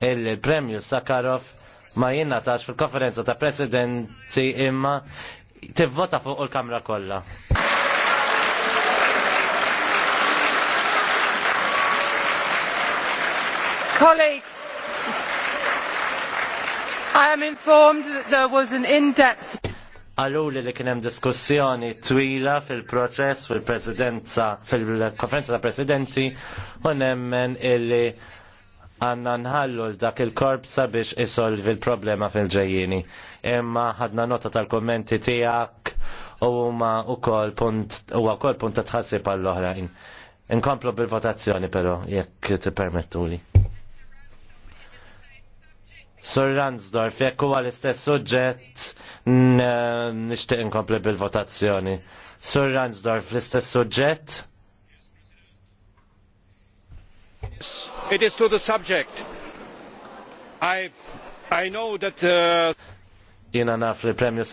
il-premju Sakarov ma jinnatax fil-konferenza ta' presidenti imma tivvota fuq il-kamra kollha. Colleagues, I am informed that there was an in-depth Għaluli li kienem diskussjoni twila fil-proċess, fil-presidenza, fil-konferenza ta' presidenti, u nemmen illi għanna nħallu l-dak il-korp sabiex isolvi l-problema fil-ġejjini. Imma ħadna nota tal-kommenti tijak u ma u kol punt u kol punt tħassib għall-oħrajn. Inkomplu bil-votazzjoni pero, jekk ti permettu li. Sur Ransdorf, jekk huwa l-istess suġġett, nixtieq inkomplu bil-votazzjoni. Sur Ransdorf, l-istess suġġett? It is to the subject. I, I know that... Uh... Jena naf li premju